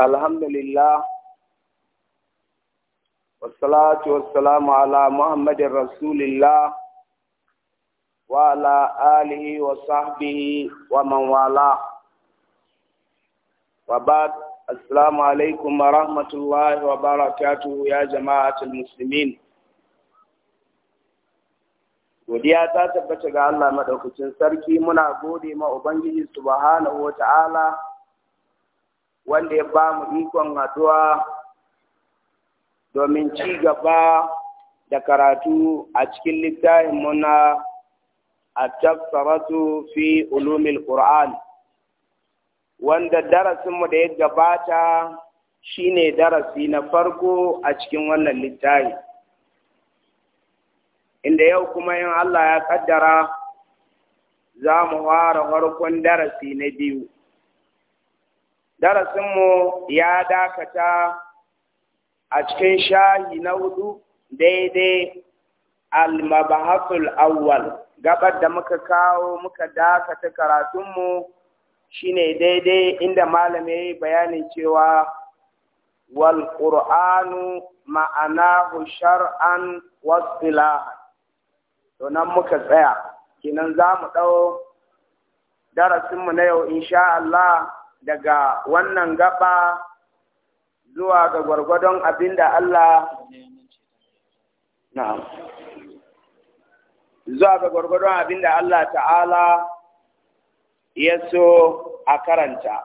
الحمد لله والصلاة والسلام على محمد رسول الله وعلى آله وصحبه ومن والاه وبعد السلام عليكم ورحمة الله وبركاته يا جماعة المسلمين ودي ta tabbata ga Allah madaukakin sarki muna gode ma ubangiji subhanahu wanda ya ba mu ikon haɗuwa domin ci gaba da karatu a cikin littafin muna a fi ulumil Qur'an wanda darasinmu da ya gabata shine darasi na farko a cikin wannan littafi inda yau kuma yin Allah ya kaddara za mu fara farkon darasi na biyu darasinmu ya dakata a cikin shahi na hudu daidai almabahatul awwal gabar da muka kawo muka dakata karatunmu shine daidai inda malami ya yi bayanin cewa wal ma'ana ma'anahu shar'an wasila to nan muka tsaya kinan za mu ɗau darasinmu na yau insha Allah daga wannan gaba zuwa ga gwargwadon abin Allah na'am zuwa ga gwargwadon abin Allah ta'ala ya so a karanta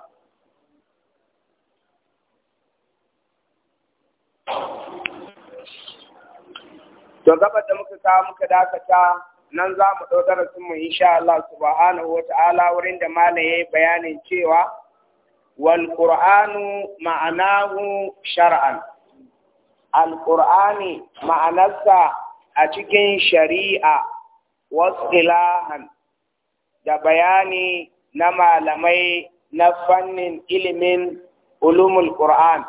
to gaba da muka kawo muka dakata nan za mu ɗau darasinmu insha Allah subhanahu wa ta'ala wurin da malam ya yi bayanin cewa والقرآن معناه شرعا القرآن معناه أتكين شريعة واصطلاحا da bayani na malamai na fannin ilimin ulumul Qur'an.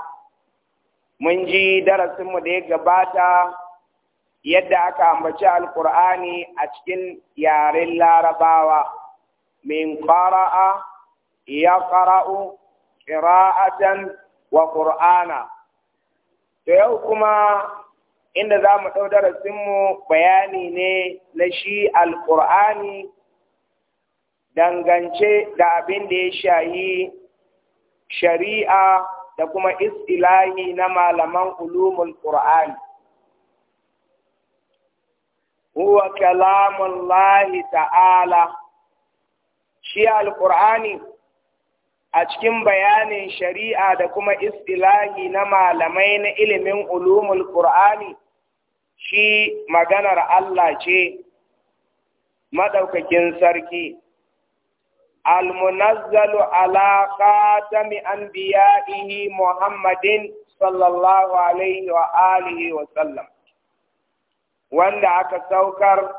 Mun ji darasinmu da ya gabata yadda aka ambaci Alƙur'ani a cikin yaren larabawa min ƙara'a ya ƙara'u qira'atan wa qur'ana to yau kuma inda za mu ɗau mu bayani ne na shi alƙur'ani dangance da abin da ya shayi shari'a da kuma istilahi na malaman ulumul ƙur'ani. Huwa kalamun lahi ta'ala, shi alƙur'ani a cikin bayanin shari'a da kuma istilahi na malamai na ilimin ulumul qur'ani shi maganar Allah ce madaukakin sarki المنزل على خاتم أنبيائه محمد صلى الله عليه وآله وسلم wanda aka سوكر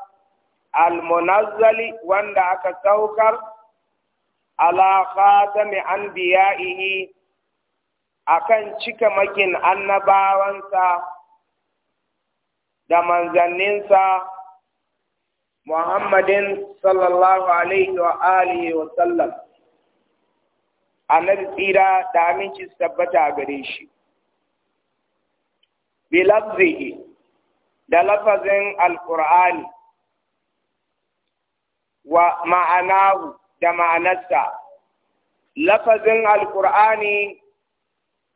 المنزل wanda aka سوكر ala khatami anbiya'ihi akan cika makin annabawansa da manzanninsa Muhammadin sallallahu alaihi wa alihi wa sallam annabi tsira da aminci tabbata gare shi bilafzihi da lafazin alqur'ani wa ma'anahu da ma'anarsa lafazin Alƙur'ani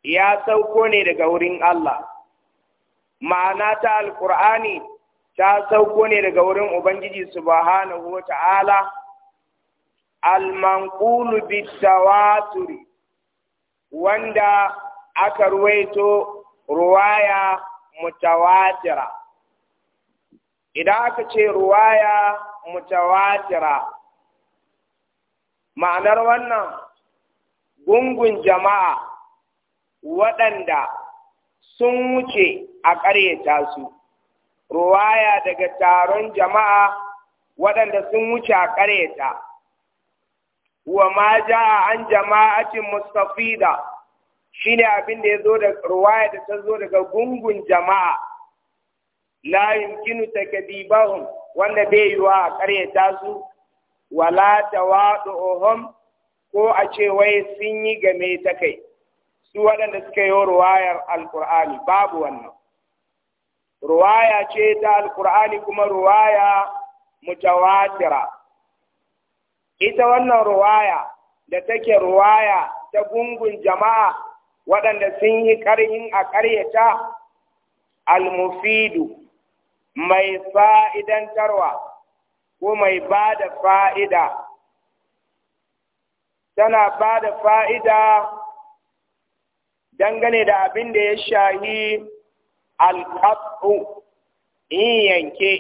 ya sauko ne daga wurin Allah ma'ana ta alkur'ani ta sauko ne daga wurin ubangiji subhanahu wa ta'ala almanqulu bitawaturi wanda aka ruwaito ruwaya mutawatira idan aka ce ruwaya mutawatira ma'anar wannan gungun jama'a waɗanda sun wuce a ƙaryata su ruwaya daga taron jama'a waɗanda sun wuce a ƙaryata wa ma a an jama'atin mustafida ne abin da ya zo da ruwaya da ta zo daga gungun jama'a la yumkinu takdibahum wanda bai yiwa a ƙaryata su wala tawadu'uhum ko a ce wai sun yi game ta kai su waɗanda suka yi ruwayar alkur'ani babu wannan ruwaya ce ta alkur'ani kuma ruwaya mutawatira ita wannan ruwaya da take ruwaya ta gungun jama'a waɗanda sun yi ƙarhin a ƙaryata almufidu mai fa'idantarwa ko mai ba da fa'ida tana ba da fa'ida dangane da abin da ya shahi alabu in yanke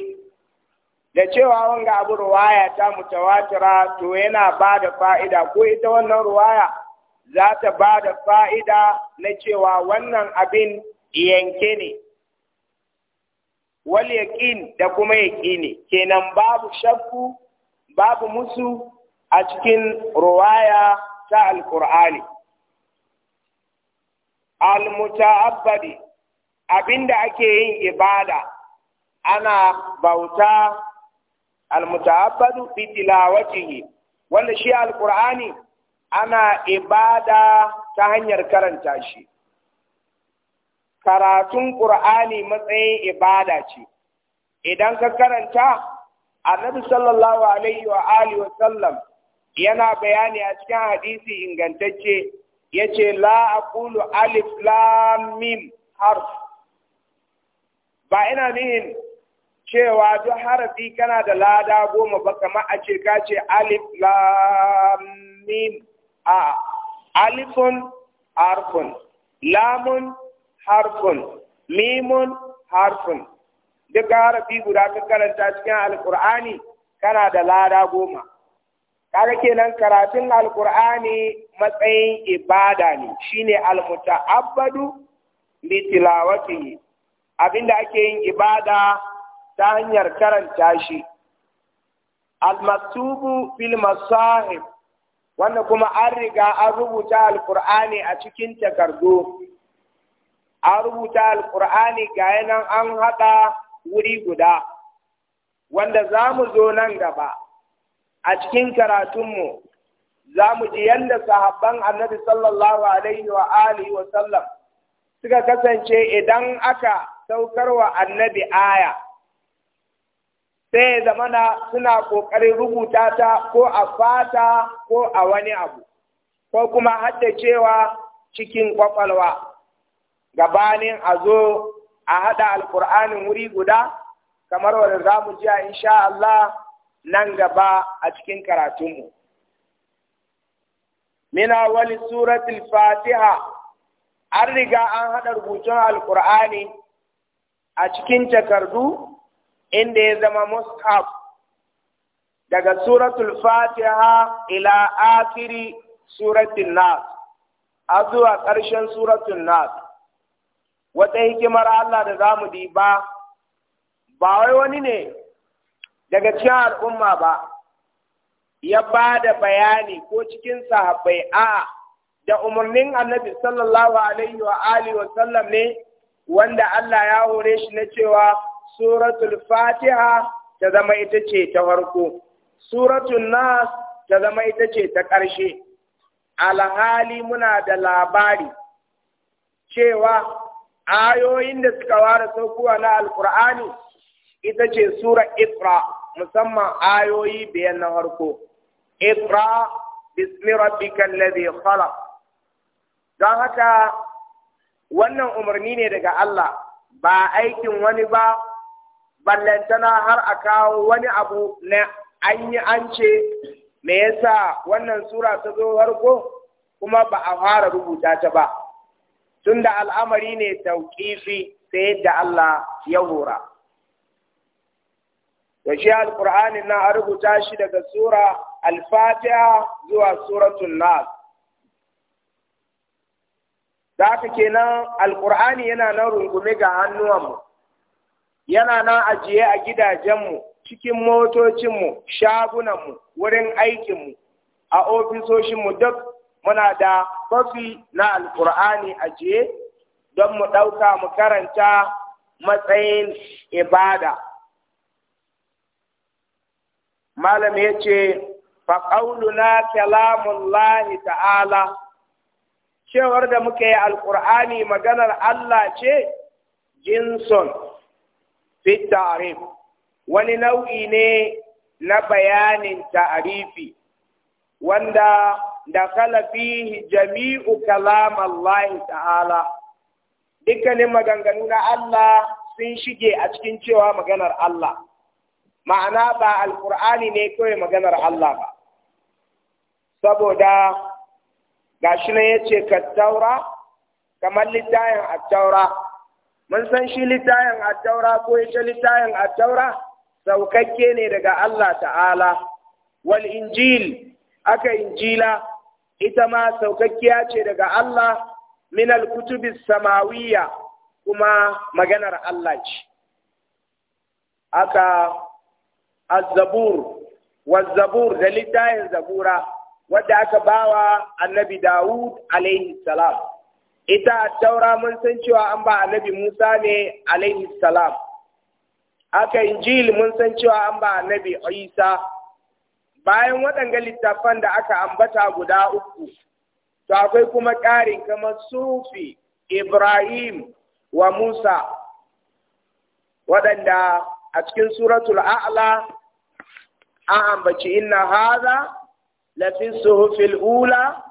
da cewa wanga abu ruwaya ta mutawatira to yana ba da fa'ida ko ita wannan ruwaya za ta ba da fa'ida na cewa wannan abin yanke ne wal yaqin da kuma yaqini kenan babu shakku babu musu a cikin ruwaya ta alqur'ani al muta'abbadi abinda ake yin ibada ana bauta al muta'abbadu bi tilawatihi wanda shi alqur'ani ana ibada ta hanyar karanta shi karatun ƙur'ani matsayin ibada ce idan ka karanta annabi sallallahu alaihi wa alihi wa sallam yana bayani a cikin hadisi ingantacce yace la aqulu alif lam mim harf ba ina nihin cewa duk harafi kana da lada goma ba kamar a ce ka ce alif lam mim a alifun harfun lamun harfun mimun harfun duk harafi guda ka karanta cikin alkur'ani kana da lada goma kaga kenan karatun alkur'ani matsayin ibada ne shine almuta'abbadu bi tilawatihi abinda ake yin ibada ta hanyar karanta shi almaktubu fil masahib wanda kuma an riga an rubuta alkur'ani a cikin takardu A rubuta alkur'ani ga yanan an haɗa wuri guda wanda za mu zo nan gaba a cikin karatunmu za mu ji yadda sahabban annabi sallallahu alaihi wa alihi wa sallam suka kasance idan aka saukar wa annabi aya sai zamana suna ƙoƙarin rubuta ta ko a fata ko a wani abu ko kuma cewa cikin ƙwaƙwalwa. gabanin a zo a haɗa Alƙur'ani wuri guda kamar wanda za mu ji a insha Allah nan gaba a cikin karatunmu. Mina wani suratul Fatiha an riga an haɗa rubutun alƙur'ani a cikin takardu inda ya zama mushaf daga suratul Fatiha ila akiri suratul Nas, a zuwa ƙarshen suratun Nas. wata hikimar Allah da zamu mu ba ba wai wani ne daga cikin al'umma ba ya ba da bayani ko cikin sahabbai a da umarnin annabi sallallahu alaihi wa alihi wa sallam ne wanda Allah ya hore shi na cewa suratul fatiha ta zama ita ce ta farko suratul nas ta zama ita ce ta ƙarshe alhali muna da labari cewa ayoyin da suka ware saukowa na alkur'ani ita ce sura ikra musamman ayoyi biyan na harko ikra bismi rabbika alladhi khalaq don haka wannan umarni ne daga Allah ba aikin wani ba ballantana har a kawo wani abu na an yi an ce me yasa wannan sura ta zo harko kuma ba a fara rubuta ta ba tunda al'amari ne tauƙifi sai da Allah ya hura. Da shi alƙur'ani na a rubuta shi daga Sura Al-Fatiha zuwa Suratun Nas. Da haka kenan alƙur'ani yana nan rungume ga hannuwanmu, yana nan ajiye a gidajenmu, cikin motocinmu, shagunanmu, wurin aikinmu, a ofisoshinmu duk muna da kofi na alkur'ani ajiye don mu ɗauka mu karanta matsayin ibada malam ya ce kyalamun lani ta'ala cewar da muka yi alkur'ani maganar Allah ce jinson fit wani nau'i ne na bayanin ta'arifi wanda Da fihi jami'u kalam Allah ta'ala dukkanin maganganu na Allah sun shige a cikin cewa maganar Allah ma'ana ba alkur'ani ne kawai maganar Allah ba saboda gashi ne yace kattaura kamar littayin attaura mun san shi littayin attaura ko yace littayin attaura saukakke ne daga Allah ta'ala wal injil aka injila ita ma saukakkiya ce daga Allah min al-kutubi samawiyya kuma maganar Allah ce aka az-zabur zabur da littafin zabura wadda aka bawa annabi Dawud alaihi salam ita taura mun san cewa an ba annabi Musa ne alaihi salam aka injil mun san cewa an ba annabi Isa bayan waɗanga littafan da aka ambata guda uku to akwai kuma ƙarin kamar sufi ibrahim wa musa waɗanda a cikin suratul a'la an ambaci inna haza lafi suhufil ula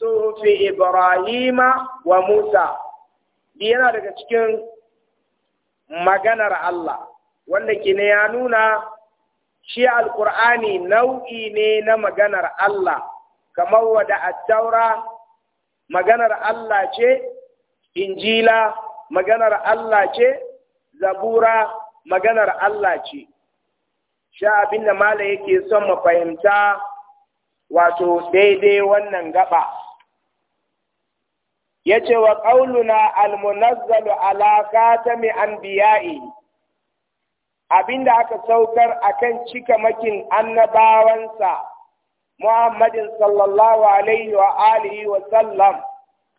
suhufi ibrahima wa musa yana daga cikin maganar Allah wanda ke ya nuna shi alƙur'ani nau'i ne na maganar Allah kamar wada attaura maganar Allah ce injila maganar Allah ce zabura maganar Allah ce sha abin da mala yake son mu fahimta wato daidai wannan gaba yace wa qauluna almunazzalu ala ta anbiya'i abinda aka saukar akan cika makin annabawansa Muhammadin sallallahu alaihi wa alihi wa sallam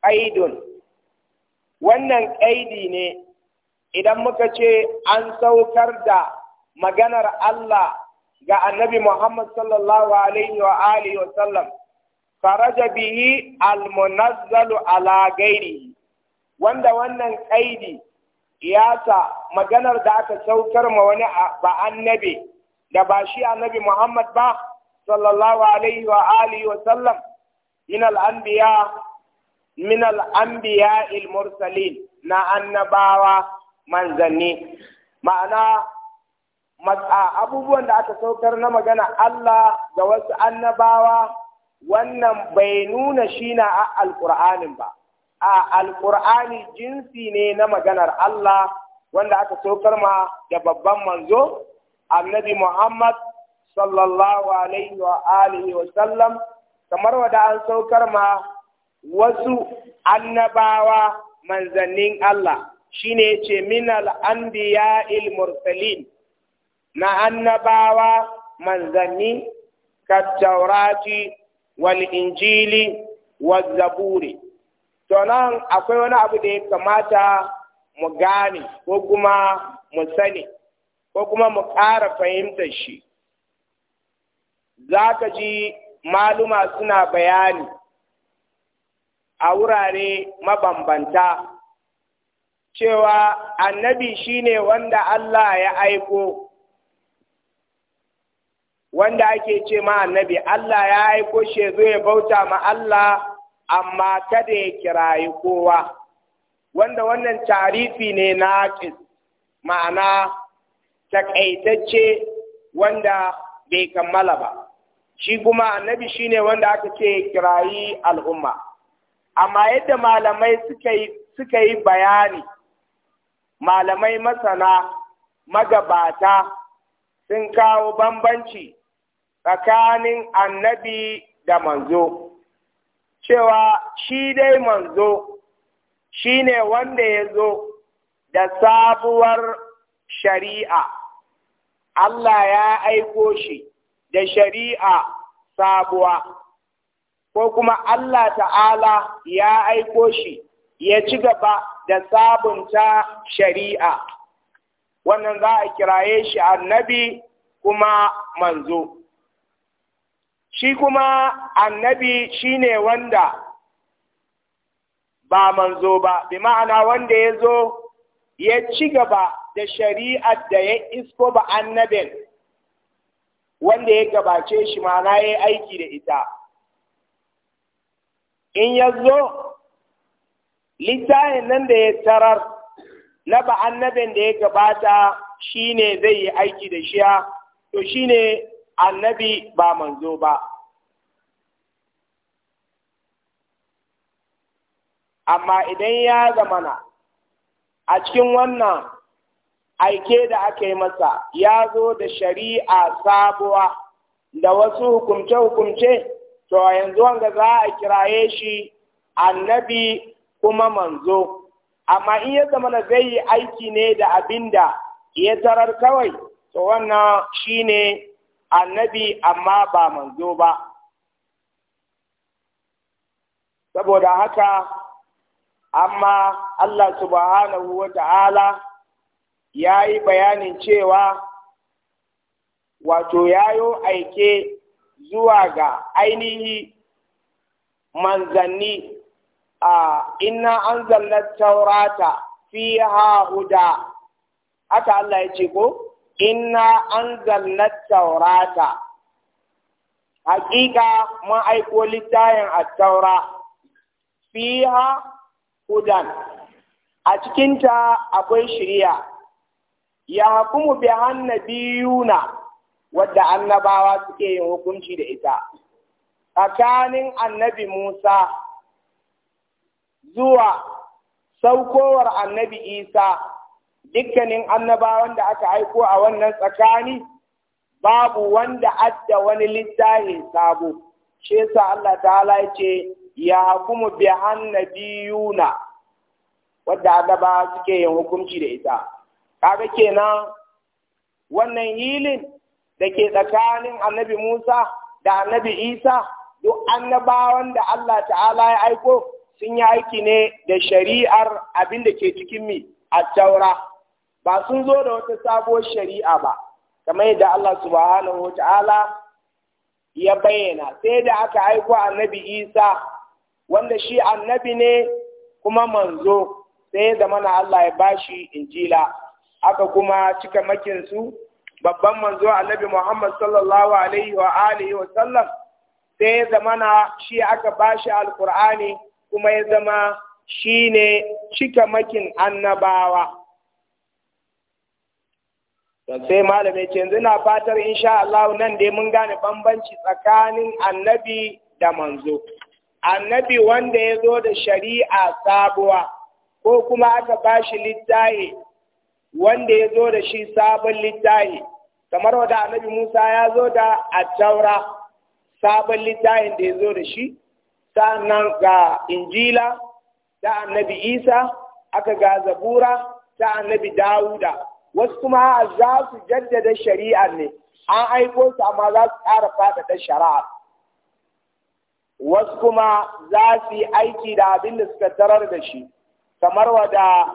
ƙaidun. wannan qaidi ne idan muka ce an saukar da maganar Allah ga annabi Muhammad sallallahu alaihi wa alihi wa sallam faraja bihi almunazzalu ala gairi wanda wannan qaidi yasa maganar da aka saukar ma wani ba annabi da ba shi annabi Muhammad ba sallallahu alaihi wa alihi wa sallam min al-anbiya min al-anbiya al-mursalin na annabawa manzanni ma'ana abubuwan da aka saukar na magana Allah ga wasu annabawa wannan bai nuna shi na alƙur'anin ba a alƙur'ani jinsi ne na maganar Allah wanda aka saukar ma da babban manzo annabi Muhammad sallallahu alaihi wa alihi wa sallam kamar wada an saukar ma wasu annabawa manzannin Allah shine ce minal anbiya'il mursalin na annabawa manzanni كالتوراة والإنجيل والزبور to nan akwai wani abu da ya kamata mu gane ko kuma mu sani ko kuma mu ƙara fahimtar shi za ka ji maluma suna bayani a wurare mabambanta cewa annabi shine wanda Allah ya aiko wanda ake ce ma annabi Allah ya aiko shi zo ya bauta ma Allah amma kada ya kirayi kowa wanda wannan tarifi ne na ma'ana takaitacce wanda bai kammala ba shi kuma annabi shine wanda aka ce kirayi al'umma amma yadda malamai suka yi bayani malamai masana magabata sun kawo bambanci tsakanin annabi da manzo cewa shi dai manzo shi ne wanda ya zo da sabuwar shari'a Allah ya aiko shi da shari'a sabuwa ko kuma Allah ta'ala ya aiko shi ya ci gaba da sabunta shari'a wannan za a kiraye shi annabi kuma manzo shi kuma annabi shi ne wanda ba manzo ba bi ma'ana wanda ya zo ya ci gaba da shari'ar da ya isko ba annabin wanda ya gabace shi ma'ana ya aiki da ita in ya zo littafin nan da ya tarar na ba annabin da ya gabata shi ne zai yi aiki da shiya to shi ne. annabi ba manzo ba amma idan ya zamana a cikin wannan aike da aka yi masa ya zo da shari'a sabuwa da wasu hukumce-hukumce to yanzu wanga za a kiraye shi annabi kuma manzo amma in ya zamana zai yi aiki ne da abinda ya tarar kawai to wannan shine annabi amma ba manzo ba saboda haka amma Allah subhanahu wa ta'ala ya yi bayanin cewa wato yayo aike zuwa ga ainihi manzanni a inna an taurata fi huda haka Allah ya ce ko? inna anzalna taurata hakika mun aiko littayin a taura fiha hudan a cikinta akwai shirya. ya hukumu bi annabiyuna wadda annabawa suke yin hukunci da ita tsakanin annabi Musa zuwa saukowar annabi Isa dukkanin annabawan da aka aiko a wannan tsakani babu wanda adda wani littafi sabo shi yasa Allah ta'ala ya ce ya hukumu bi annabiyuna wadda ba suke yin hukunci da ita kaga kenan wannan hilin da ke tsakanin annabi Musa da annabi Isa duk annabawan da Allah ta'ala ya aiko sun yi aiki ne da shari'ar abin da ke cikin mi a taura ba sun zo da wata sabuwar shari'a ba kamar yadda Allah subhanahu wa ya bayyana sai da aka aiko annabi Isa wanda shi annabi ne kuma manzo sai ya zama na Allah ya bashi injila aka kuma cika makinsu babban manzo annabi Muhammad sallallahu alaihi wa alihi wa sallam sai ya zama na shi aka bashi alkur'ani kuma ya zama shi ne cika makin annabawa sai malamai ce yanzu na fatar insha Allah nan dai mun gane bambanci tsakanin annabi da manzo annabi wanda ya zo da shari'a sabuwa ko kuma aka bashi littahi wanda ya zo da shi sabon littafi. kamar wanda annabi Musa ya zo da ataura sabon littafin da ya zo da shi sa'annan ga injila ta annabi Isa aka ga zabura ta annabi Dawuda wasu kuma za su jaddada shari'a ne an aiko su amma za su ƙara faɗaɗa shari'a wasu kuma za su yi aiki da abin da suka tarar da shi kamar wada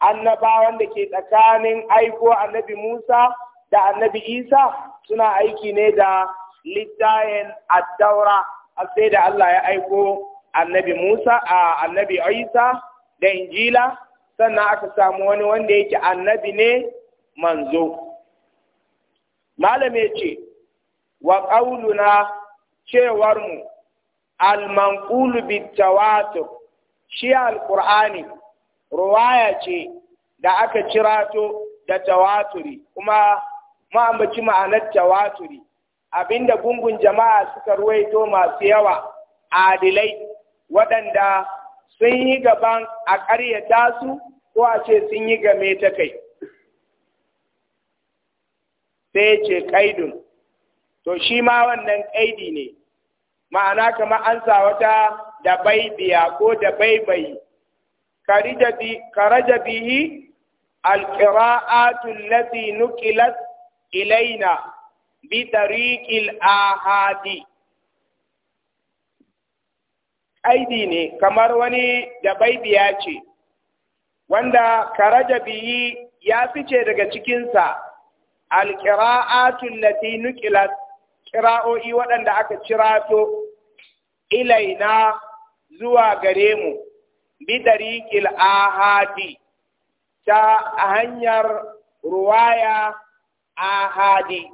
annabawan wanda ke tsakanin aiko annabi Musa da annabi Isa suna aiki ne da littayen addaura a sai da Allah ya aiko annabi Musa a annabi Isa da Injila sannan aka samu wani wanda yake annabi ne manzo malame ce wa ƙaununa cewarmu almanƙulu bitawatur shi alƙur'ani ruwaya ce da aka cirato da tawaturi kuma ma'ambaci ma'anar tawaturi abinda gungun jama'a suka ruwaito masu yawa adilai waɗanda sun yi gaban a ƙaryata su ko a ce sun yi game ta kai sai ce ƙa'idun. to shi ma wannan ƙa'idi ne ma'ana kama an sa wata da biya ko da baibayi karaja bihi alƙira'atu lati nukilat ilaina bi tariqil ahadi aidi ne kamar wani da ya ce wanda karaja biyi ya fice daga cikinsa alƙira'atun lati nukilat ƙira'o'i waɗanda aka cirato ilaina zuwa gare mu bidari ahadi ta hanyar ruwaya ahadi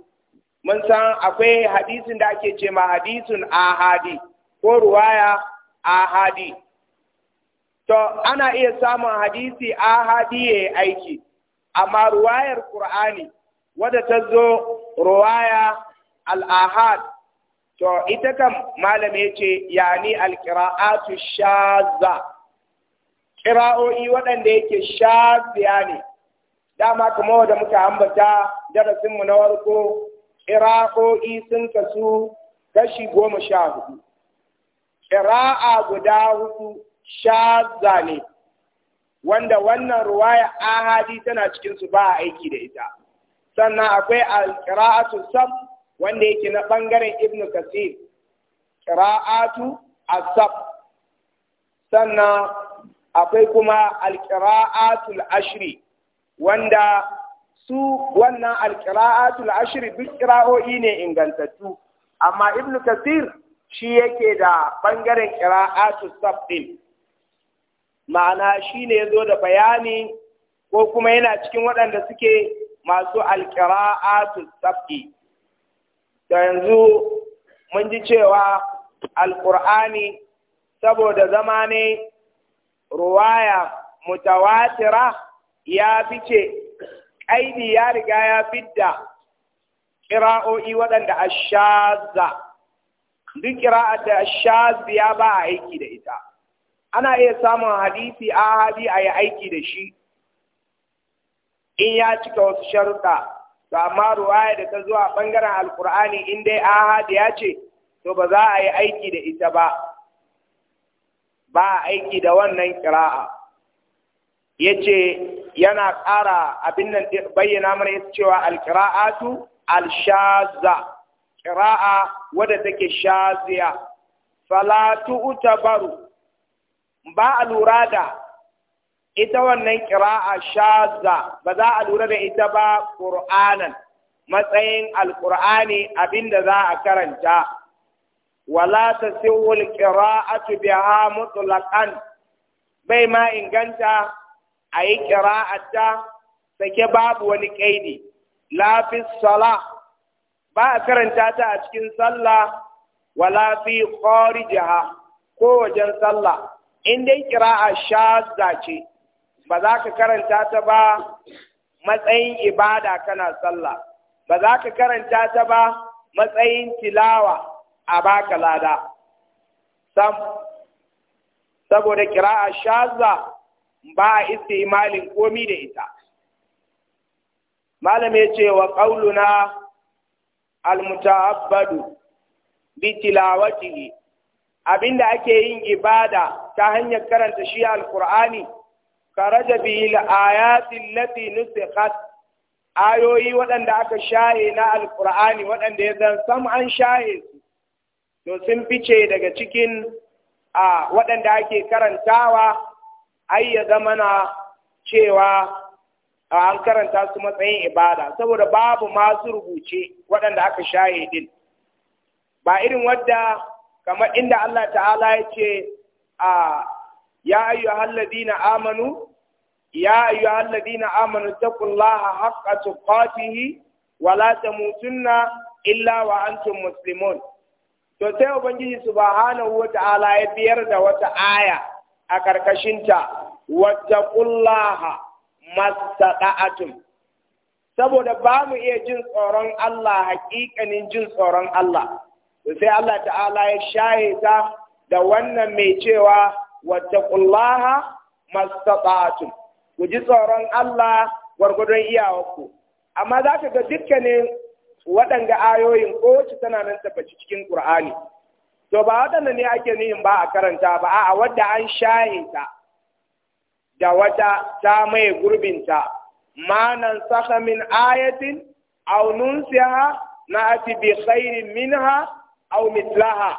mun san akwai hadisin da ake ce ma hadisun ahadi ko ruwaya ahadi to ana iya samun hadisi ahadi ya yi aiki amma ruwayar ƙur'ani wadda ta zo ruwaya alahad ahad to ita kam malam ya ce yani al sha za. ƙira'o'i waɗanda yake shaziya ne dama kuma wadda muka ambata darasinmu na warko ƙira'o'i sun kasu kashi goma sha hudu ƙira'a guda hudu sha ne, wanda wannan ruwaya ahadi tana cikin su ba a aiki da ita. Sannan akwai al-ƙira'atu sab wanda yake na ɓangaren Ibn Kasir, ƙira'atu asab. Sannan akwai kuma al ashiri, ashri wanda su wannan al ashiri ashri duk ƙira'o'i ne ingantattu. Amma Ibn Kasir shi yake da ɓangaren ƙira'atu sabbin ma'ana shi ne ya zo da bayani ko kuma yana cikin waɗanda suke masu alƙira'atu sabbi da yanzu mun ji cewa alƙur'ani saboda zama ne ruwaya mutawatira ya fice ƙaidi ya riga ya fidda ƙira'o'i waɗanda a shaza duk kira'ar da shaziya ba a aiki da ita ana iya samun hadisi ahadi a yi aiki da shi in ya cika wasu sharuɗa to amma ruwaya da ta zuwa ɓangaren alkur'ani in dai ahadi ya ce to ba za a yi aiki da ita ba ba a aiki da wannan kira'a ya ce yana ƙara abin nan bayyana mana ya cewa alkira'atu alshaza ƙira'a wadda take shaziya salatu baru ba a lura da ita wannan ƙira'a shaza ba za a lura da ita ba ƙur'anan matsayin alƙur'ani abinda za a karanta wala ta siwul ƙira'atu biha mutlaqan bai ma inganta a yi ƙira'ata sake babu wani ƙaidi lafi Salah. ba a karanta ta a cikin sallah wala fi kharijaha ko wajen sallah in dai qira'a shazza ce ba za ka karanta ta ba matsayin ibada kana sallah ba za ka karanta ta ba matsayin tilawa a baka lada sam saboda qira'a shazza ba a imalin komi da ita malam ya ce wa qauluna almuta'abbadu bi tilawatihi abinda ake yin ibada ta hanyar karanta shi alqur'ani karaja bi al-ayati allati nusikhat ayoyi waɗanda aka shaye na alqur'ani waɗanda ya sam an shaye su to sun fice daga cikin a waɗanda ake karantawa ayya zamana cewa an karanta su matsayin ibada saboda babu masu rubuce waɗanda aka shaye din ba irin wadda kamar inda Allah ta'ala ya ce a ya ayyu halladina amanu ya ayyu halladina amanu taqullaha haqqa tuqatihi wa la tamutunna illa wa antum muslimun to sai ubangiji subhanahu wa ta'ala ya biyar da wata aya a karkashinta wattaqullaha mastata'atum saboda ba mu iya jin tsoron Allah hakikanin jin tsoron Allah sai Allah ta'ala ya shaye ta da wannan mai cewa wattaqullaha mastata'atum ku ji tsoron Allah gwargwadon iyawarku amma za ka ga dukkanin waɗanda ayoyin kowace tana nan tabbaci cikin Qur'ani to ba waɗanda ne ake nihin ba a karanta ba a wadda an shaye da wata ta mai gurbinta ma nan saka min ayatin aw na ati bi khairin minha aw mithlaha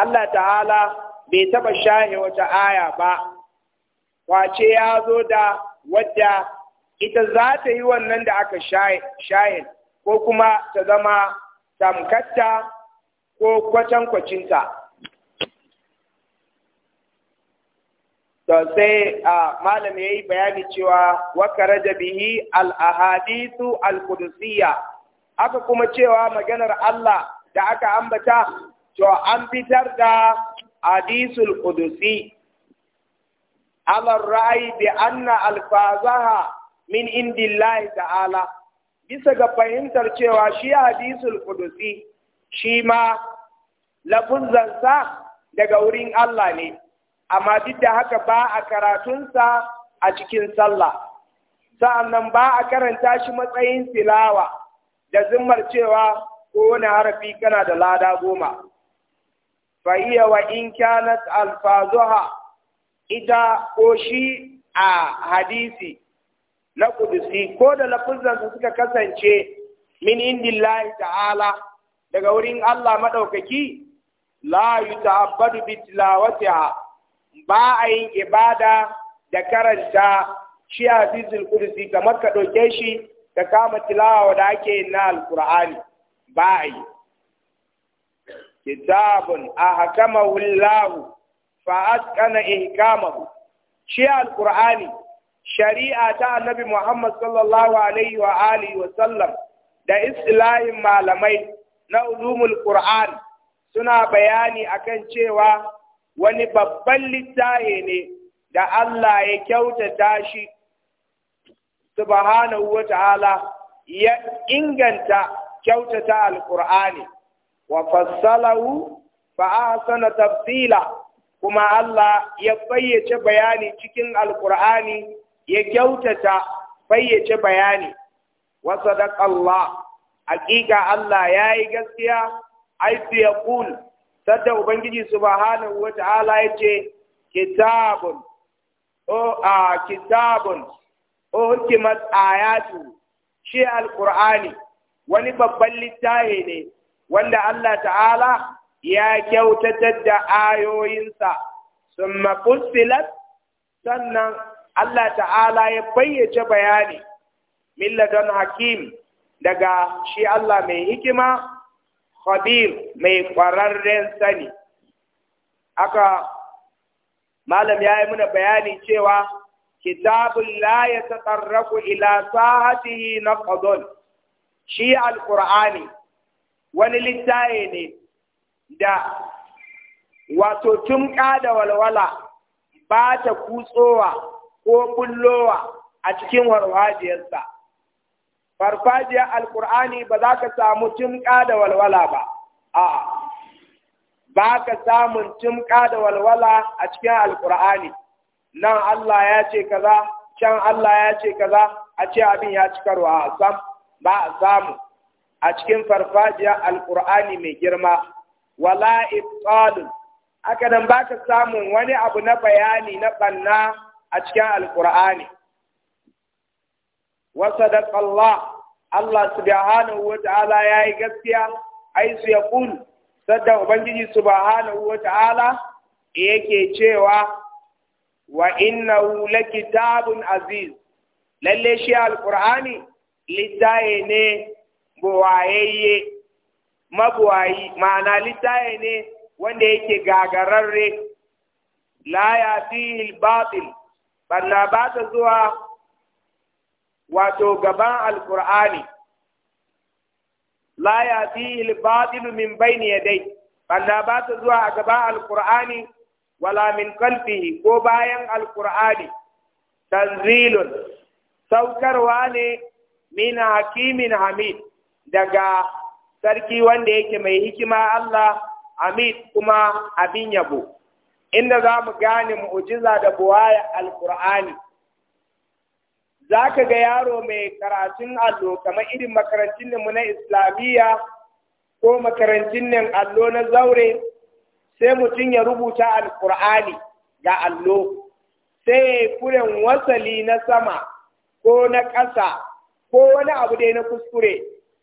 Allah ta'ala bai taba shahe wata aya ba kwace ya zo da wadda ita za ta yi wannan da aka shahin ko kuma ta zama tamkatta ko kwatankwacinta to sai malam ya yi bayani cewa wakara da bihi al'ahadisu al aka kuma cewa maganar Allah da aka ambata to an fitar da hadisul kudusi. ala ra'ayi bi anna alfazaha min indillahi ta'ala bisa ga fahimtar cewa shi hadisul kudusi, shi ma lafuzansa daga wurin Allah ne amma duk da haka ba a karatunsa a cikin sallah sa'annan ba a karanta shi matsayin silawa da zimmar cewa ko wani harafi kana da lada goma fa iya wa in kyanat alfazuha ita ko shi a hadisi na kudusi ko da lafuzansa suka kasance min indillahi ta'ala daga wurin Allah maɗaukaki la yutabadu bi ba a yin ibada da karanta shi a fizil kudusi kamar ka ɗauke shi da kama tilawa da ake yin na alkur'ani ba a yi kitabun a hakama wullahu fa askana ihkamahu shi alkur'ani shari'a ta annabi Muhammad sallallahu alaihi wa alihi wa sallam da islahin malamai na ulumul Qur'an suna bayani akan cewa wani babban littafi ne da Allah ya kyautata shi subhanahu wa ta'ala ya inganta kyautata alqur'ani wa fassalahu fa ahsana tafsila kuma Allah ya fayyace bayani cikin alqur'ani ya kyautata fayyace bayani wa sadaqa Allah hakika Allah yayi gaskiya ya yaqul sadda ubangiji subhanahu wata'ala yace kitabun o a kitabun o mat ayatu shi alqur'ani wani babban littafi ne wanda Allah ta'ala ya kyautatar da ayoyinsa summa mafusilat sannan Allah ta'ala ya bayyace bayani milladan hakim daga shi Allah mai hikima khabir mai kwararren sani aka malam ya yi muna bayani cewa kitabun la ya tatarraku ila sahatihi na qadon shi alqur'ani wani littaye ne da wato tun da walwala ba ta kutsowa ko bullowa a cikin warwajiyarsa farfajiyar alkur'ani ba za ka samu cimka da walwala ba a ba ka samun cimka da walwala a cikin alkur'ani nan Allah ya ce kaza can Allah ya ce kaza a ce abin ya ci karwa sam ba a samu a cikin farfajiyar alkur'ani mai girma wala ibtalun haka nan ba ka samun wani abu na bayani na banna a cikin alkur'ani وصدق الله Allah subhanahu wa ta'ala ya yi gaskiya ai su ya kun sadda Ubangiji subhanahu wa ta'ala yake cewa wa wula kitabun aziz lalle shi alqur'ani littaye ne buwayayye mabuwayi ma'ana littaye ne wanda yake gagararre la ya fihi batil banna ba ta zuwa wato gaban alkur'ani la ya fi al min bayni yadai banda ba ta zuwa a gaban alkur'ani wala min kalfihi ko bayan alkur'ani tanzilun saukarwa ne min hakimin hamid daga sarki wanda yake mai hikima Allah hamid kuma abin yabo inda za mu gane mu'ujiza da buwaya alkur'ani za ka ga yaro mai karatun allo kamar irin makarantun mu na islamiyya ko makarantun nan allo na zaure sai mutum ya rubuta alkur'ani ga allo sai ya kuren wasali na sama ko na ƙasa ko wani abu dai na kuskure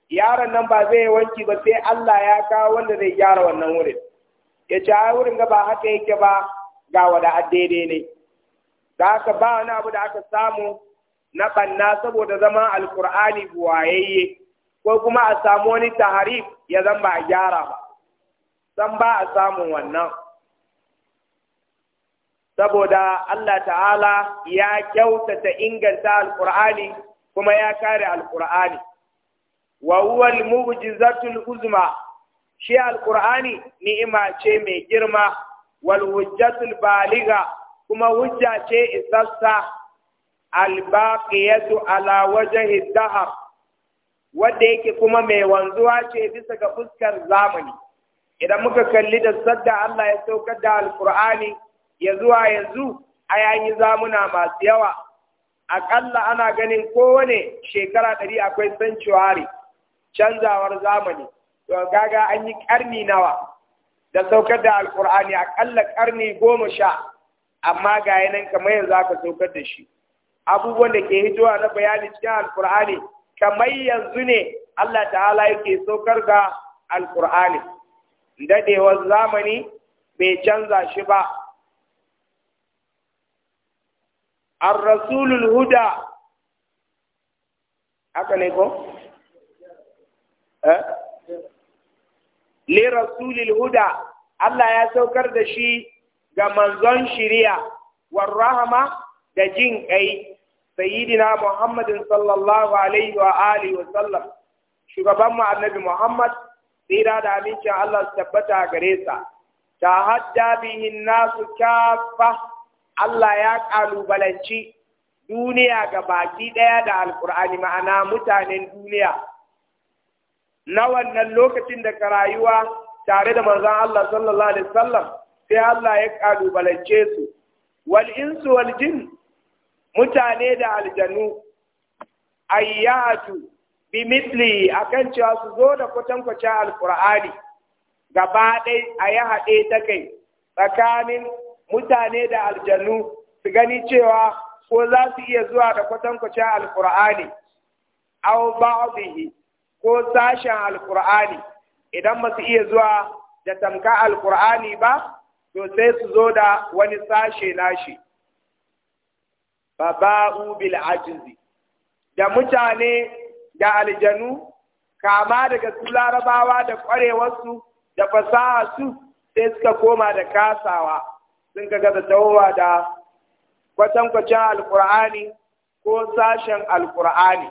yaron nan ba zai wanki ba sai Allah ya kawo wanda zai gyara wannan wurin ya ce ai wurin ga ba haka yake ba ga wada daidai ne da ka ba wani abu da aka samu na banna saboda zama alkur'ani buwayayye ko kuma a samu wani taharif ya zan ba a gyara ba san ba a samun wannan saboda Allah ta'ala ya kyautata inganta alkur'ani kuma ya kare alkur'ani wa huwa uzma shi alkur'ani ni'ima ce mai girma wal hujjatul baliga kuma hujja ce isassa albaqiyatu ala wajhi dahar wanda yake kuma mai wanzuwa ce bisa ga fuskar zamani idan muka kalli da sadda Allah ya saukar da alqur'ani ya zuwa yanzu a yayin zamuna masu yawa aƙalla ana ganin kowane shekara ɗari akwai sanciwari canzawar zamani to gaga an yi ƙarni nawa da saukar da alƙur'ani aƙalla ƙarni goma sha amma ga yanan kamar yanzu aka saukar da shi abubuwan da ke hitowa na bayani cikin alkur'ani kamar yanzu ne Allah ta'ala yake saukar da alkur'ani dadewar zamani bai canza shi ba ar-rasulul huda haka ne ko eh li rasulil huda Allah ya saukar da shi ga manzon shiriya war rahama da jin kai Sayidina Muhammadin sallallahu alaihi wa wa sallam shugaban mu annabi Muhammad tsira da amincin Allah su tabbata gare sa ta hadda bihin nasu kafa Allah ya kalubalanci duniya ga baki ɗaya da Alƙur'ani, ma'ana mutanen duniya na wannan lokacin da ka rayuwa tare da manzon Allah sallallahu alaihi wasallam sai Allah ya ƙalubalance su wal insu wal jin mutane da aljanu ayyatu bi misli akan cewa su zo da kwatankwacin alkur'ani gaba ɗai a yi haɗe ta kai tsakanin mutane da aljanu su gani cewa ko za su iya zuwa da kwatankwacin alkur'ani aw ba'dihi ko sashen alkur'ani idan ba su iya zuwa da tamka alkur'ani ba to sai su zo da wani sashe nashi Baba, ba'u da mutane da aljanu kama daga su larabawa da kwarewarsu da fasaha su sai suka koma da kasawa sun ga gaza tawowa da kwatankwacin alkur'ani ko sashen alkur'ani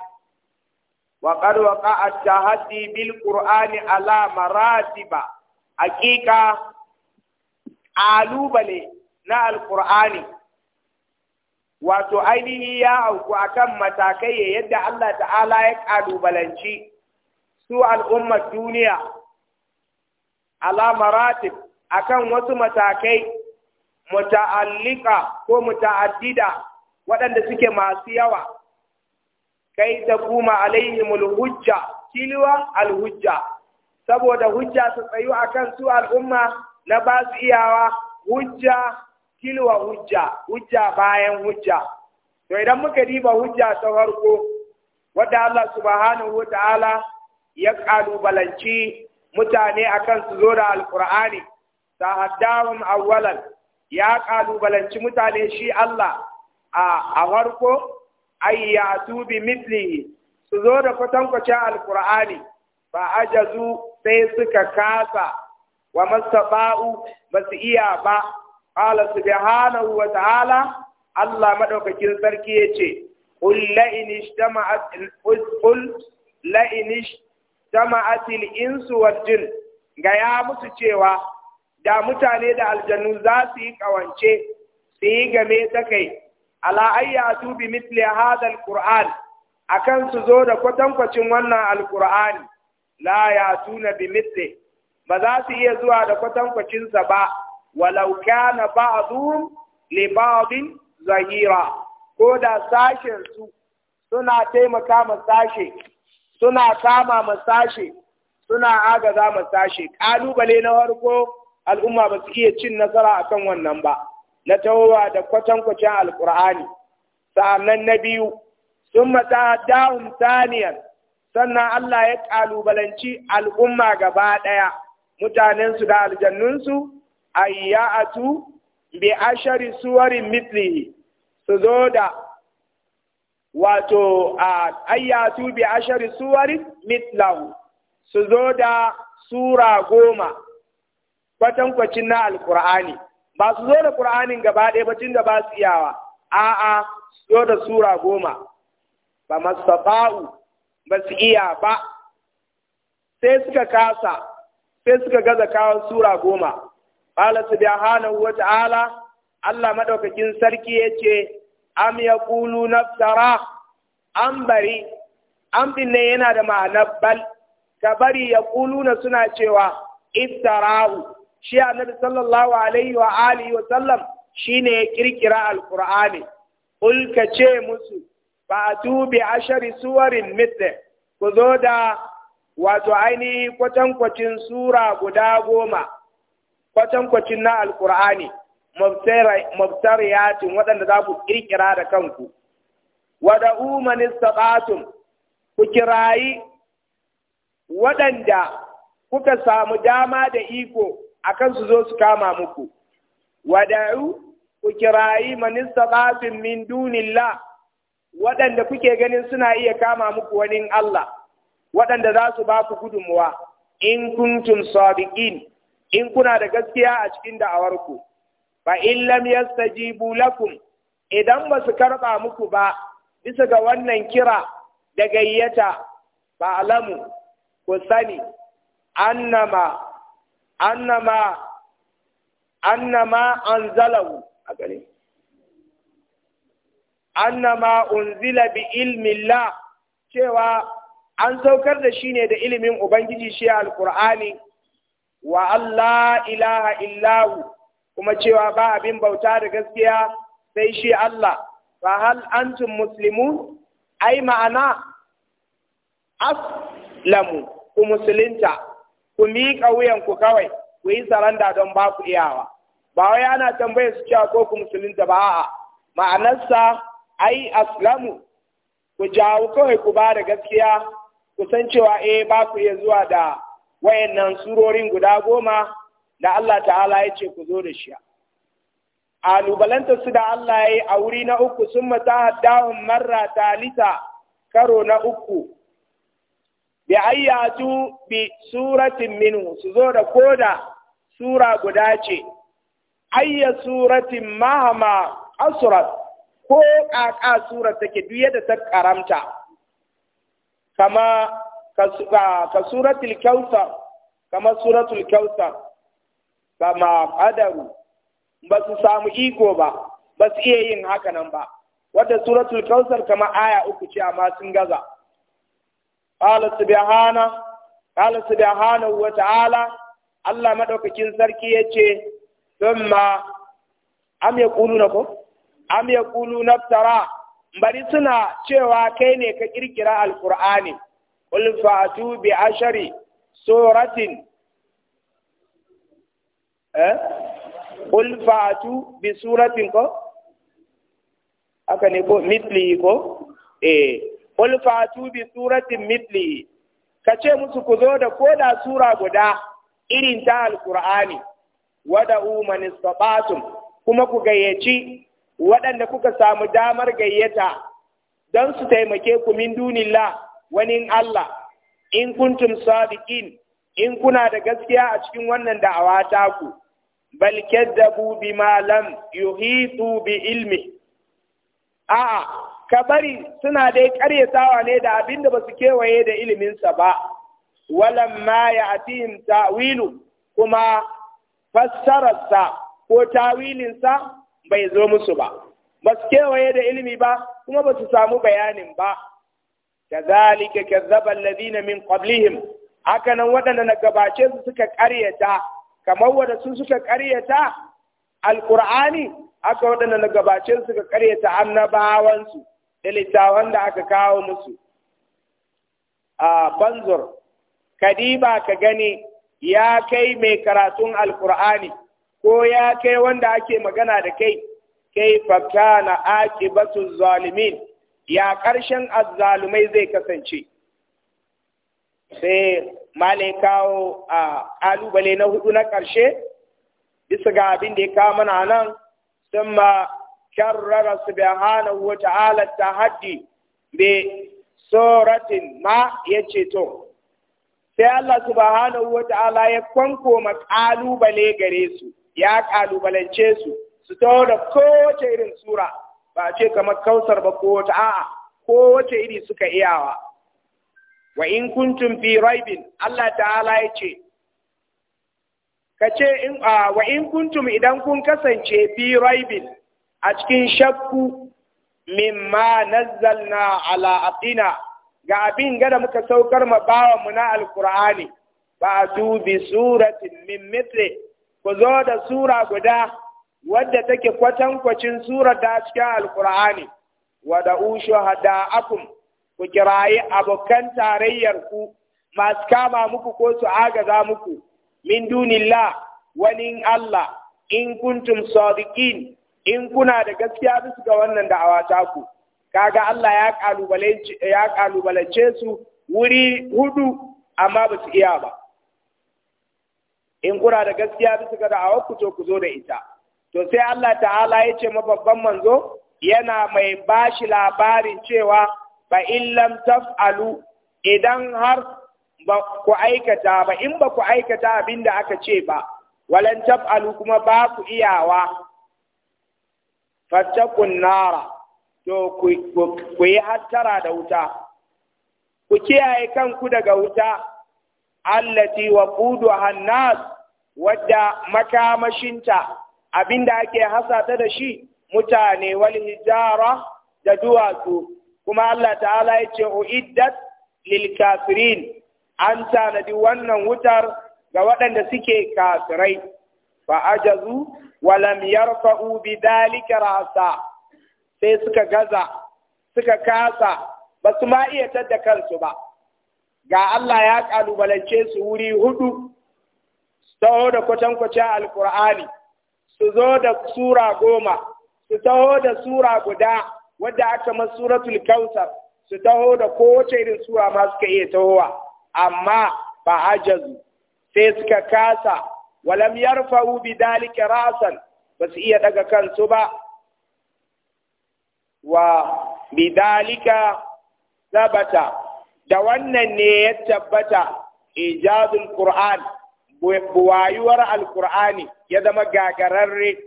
وقد وقع التهدي بالقرآن على مراتب حقيقة علوبلي na alkur'ani wato ainihi ya auku akan matakai yadda Allah ta'ala ya ƙalubalanci su al'ummar duniya Alamaratif a akan wasu matakai muta'allika ko muta'addida waɗanda suke masu yawa kai ta kuma alaihimul hujja tilwa alhujja saboda hujja su tsayu akan su al'umma na ba su iyawa hujja kilwa hujja hujja bayan hujja to idan muka diba hujja ta farko wadda Allah subhanahu wata'ala ya kalubalanci mutane akan su zo da alqur'ani tahaddahum awwalan ya kalubalanci mutane shi Allah a a farko ayyatu bi mithlihi su zo da kwatankwacin alkur'ani ba ajazu sai suka kasa wa mastaba'u ba su iya ba qala subhanahu wa ta'ala Allah madaukakin sarki yace qul la in ijtama'at qul la in ga ya musu cewa da mutane da aljanu za su yi ƙawance su yi game ta kai ala ayyatu bi mithli hadha al akan su zo da kwatankwacin wannan alkur'ani la ya tuna bi mitse ba za su iya zuwa da kwatankwacinsa ba walau kana ba'dhum li ba'din zahira ko da sashen su suna taimaka ma sashe suna kama ma sashe suna agaza ma sashe kalubale na farko al'umma ba su iya cin nasara akan wannan ba na tawowa da kwatankwacin alkur'ani sa'annan na biyu sun mata da'um Saniyar. sannan Allah ya kalubalanci al'umma gaba ɗaya mutanensu da aljannunsu ayyatu bi ashari suwarin mitlihi su zo da wato ayyatu bi ashari suwarin mitlahu su zo da sura goma kwatankwacin na alkur'ani ba su zo da ƙur'anin gaba ɗaya ba tun da ba su iyawa a'a su zo da sura goma ba masafa'u ba su iya ba sai suka kasa sai suka gaza kawo sura goma qala subhanahu wa ta'ala Allah maɗaukakin sarki yace am yaqulu naftara am bari am din ne yana da ma'anar bal ka bari na suna cewa iftarahu shi annabi sallallahu alaihi wa alihi wa sallam shine ya kirkira alqur'ani qul ka ce musu fa'atu bi ashari suwarin mithli ku zo da wato ainihi kwatankwacin sura guda goma kwacin-kwacin na alkur'ani mabtariyatin waɗanda za ku ƙirƙira da kanku wada umanin saɓatun ku kirayi waɗanda kuka samu dama da iko akan su zo su kama muku wada'u ku kirayi manin saɓatun min dunilla waɗanda kuke ganin suna iya kama muku wani Allah waɗanda za su ba ku gudunmuwa in kuntum sadiqin. in kuna da gaskiya a cikin da'awarku fa in lam yastajibu lakum idan ba su karba muku ba bisa ga wannan kira da gayyata ba alamu ku sani annama annama annama anzalahu a gare annama unzila bi ilmillah cewa an saukar da shi ne da ilimin ubangiji shi alqur'ani wa Allah ilaha illahu kuma cewa ba abin bauta da gaskiya sai shi Allah fa hal antum muslimun ai ma'ana aslamu ku musulunta ku miƙa wuyanku kawai ku yi saranda don ba ku iyawa ba wai ana tambayar su cewa ko ku musulunta ba a'a ma'anarsa ai aslamu ku jawo kawai ku ba da gaskiya ku san cewa eh ba ku iya zuwa da wayannan surorin guda goma da Allah ta'ala ya ce ku zo da shi alubalanta su da Allah ya yi a wuri na uku sun mata haddahun marra talita karo na uku bi ayyatu bi suratin minu su zo da koda sura guda ce ayya suratin mahama asurat ko ƙaƙa sura take duk yadda ta karamta kama ka suratul kautsar kama suratul kautsar ba ma qadaru ba su samu iko ba ba su iya yin haka nan ba wadda suratul kautsar kama aya uku ce amma sun gaza qala subhana qala subhana wa ta'ala Allah madaukakin sarki yace thumma am yaquluna ko am yaquluna tara bari suna cewa kai ne ka kirkira alqur'ani qul bi ashari suratin eh qul bi suratin ko ko mitli ko eh bi suratin mitli kace musu ku zo da koda sura guda irin ta alqur'ani wada'u man istata'tum kuma ku gayyaci waɗanda kuka samu damar gayyata don su taimake ku min wani Allah in kuntum sadiqin in kuna da gaskiya a cikin wannan da'awa ta ku bal kadzabu bima lam yuhitu bi ilmi a'a kabari suna dai karyatawa ne da abin da basu kewaye da iliminsa ba ma ya'tihim ta'wilu kuma fassararsa ko tawilinsa bai zo musu ba ba su kewaye da ilimi ba kuma ba su samu bayanin ba kazalika kazzaba alladhina min qablihim haka nan waɗanda na gabace su suka ƙaryata kamar wanda su suka ƙaryata alqur'ani haka waɗanda na gabace su suka ƙaryata annabawansu da littawan da aka kawo musu a banzur kadiba ka gani ya kai mai karatun alqur'ani ko ya kai wanda ake magana da kai kai fakana aqibatu zalimin ya ƙarshen azzalumai zai kasance sai malai kawo a ƙalubale na hudu na ƙarshe bisa ga abin da ya kawo mana nan sun ma bai hana wata alatta haddi bi tsoratin ma ce to sai Allah subhanahu wa ta'ala ya kwanko ma ƙalubale gare su ya ƙalubalance su su taho da kowace irin sura ba a ce kamar kausar ba ko wata a'a ko wace iri suka iyawa wa in kuntum fi raibin Allah ta'ala ya ce ka in wa in kuntum idan kun kasance fi raibin a cikin shakku mimma nazzalna ala abdina ga abin gada muka saukar ma bawan mu na alqur'ani ba su bi suratin min mithli ku zo da sura guda wadda take kwatankwacin surar da cikin alkur'ani wa hada akum ku kiraye abokan tarayyar ku masu kama muku ko su agaza muku min dunilla wani Allah in kuntum sadiqin in kuna da gaskiya bisa ga wannan da'awa ta ku kaga Allah ya kalubalance ya kalubalance su wuri hudu amma ba su iya ba in kuna da gaskiya bisa ga da'awar ku to ku zo da ita to sai Allah ta'ala ya ce mababban manzo yana mai bashi labarin cewa ba illam taf'alu idan har ba ku aikata ba in ba ku aikata abin da aka ce ba walan taf'alu kuma ba ku iyawa fattakun nara to ku yi hattara da wuta ku kiyaye kanku daga wuta allati wa quduha wadda makamashinta Abin da ake hasata da shi mutane wal hijara da duwatsu kuma Allah ta'ala ya ce uiddat lil kafirin an tanadi wannan wutar ga waɗanda suke kafirai fa ajazu wa lam yarfa'u bidhalika rasa sai suka gaza suka kasa ba su ma iya tadda kansu ba ga Allah ya kalubalance su wuri hudu taho da kwatankwacin alkur'ani su zo da sura goma su taho da sura guda wadda aka masu suratul kautsar su taho da kowace irin sura ma suka iya tahowa amma fa ajazu sai suka kasa walam yarfa'u bi dalika rasan ba su iya daga kansu ba wa bi dalika sabata da wannan ne ya tabbata ijazul qur'an buwayuwar alkur'ani ya zama gagararre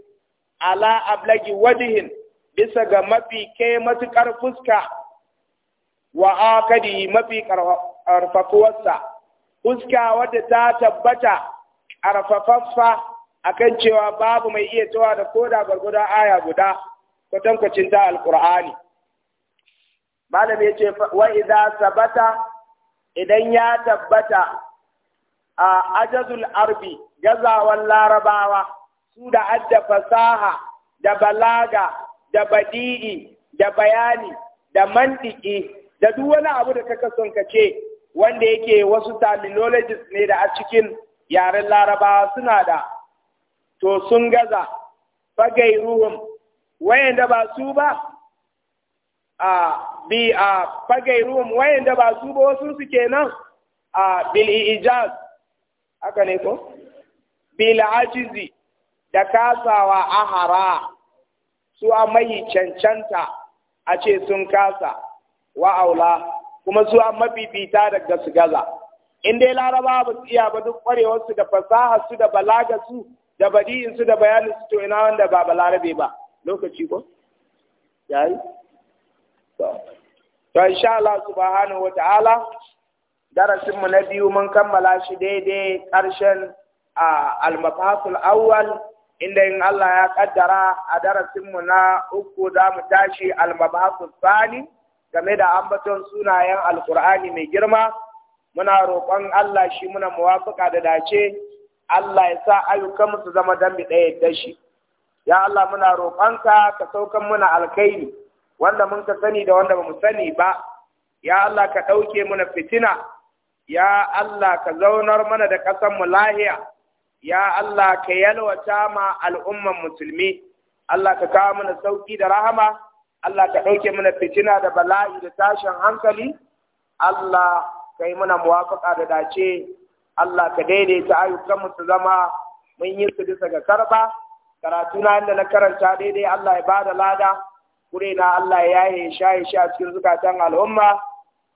ala ablagi wajihin bisa ga mafi kai matuƙar fuska wa akadi mafi ƙarfafuwarsa fuska wadda ta tabbata a akan cewa babu mai iya cewa da koda gwargwadon aya guda kwatankwacin ta alkur'ani malam ya ce wa idza sabata idan ya tabbata a ajazul arbi gazawan larabawa su da adda fasaha da balaga da badi'i da bayani da mantiki da duk wani abu da kaka son ka ce wanda yake wasu terminologies ne da a cikin yaren larabawa suna da to sun gaza fagai ruhun wayanda ba su ba a bi a fagai ruhun wayanda ba su ba wasu suke nan? a bil ijaz haka ne ko bil ajizi da kasawa ahara su a mai cancanta a ce sun kasa wa aula kuma su a mabibita daga su gaza in dai laraba ba su iya ba duk su, da fasaha su da balaga su da badi'in su da bayanin su to ina wanda ba balarabe ba lokaci ko yayi to insha Allah subhanahu Ta'ala. darasinmu na biyu mun kammala shi daidai ƙarshen almafasul awwal inda in Allah ya kaddara a darasinmu na uku za mu tashi almafasul sani game da ambaton sunayen alkur'ani mai girma muna roƙon Allah shi muna muwafuka da dace Allah ya sa ayyukanmu su zama dambi ɗaya da shi ya Allah muna roƙonka ka saukan muna alkhairi wanda mun ka sani da wanda ba mu sani ba ya Allah ka ɗauke muna fitina ya Allah ka zaunar mana da ƙasar mu lahiya ya Allah ka yalwata ma al'umman musulmi Allah ka kawo mana sauki da rahama Allah ka ɗauke mana fitina da bala'i da tashin hankali Allah ka yi mana muwafaka da dace Allah ka daidaita ayyukanmu su zama mun yi su bisa ga karba karatu na inda na karanta daidai Allah ya bada lada kure na Allah ya yaye shaye a cikin zukatan al'umma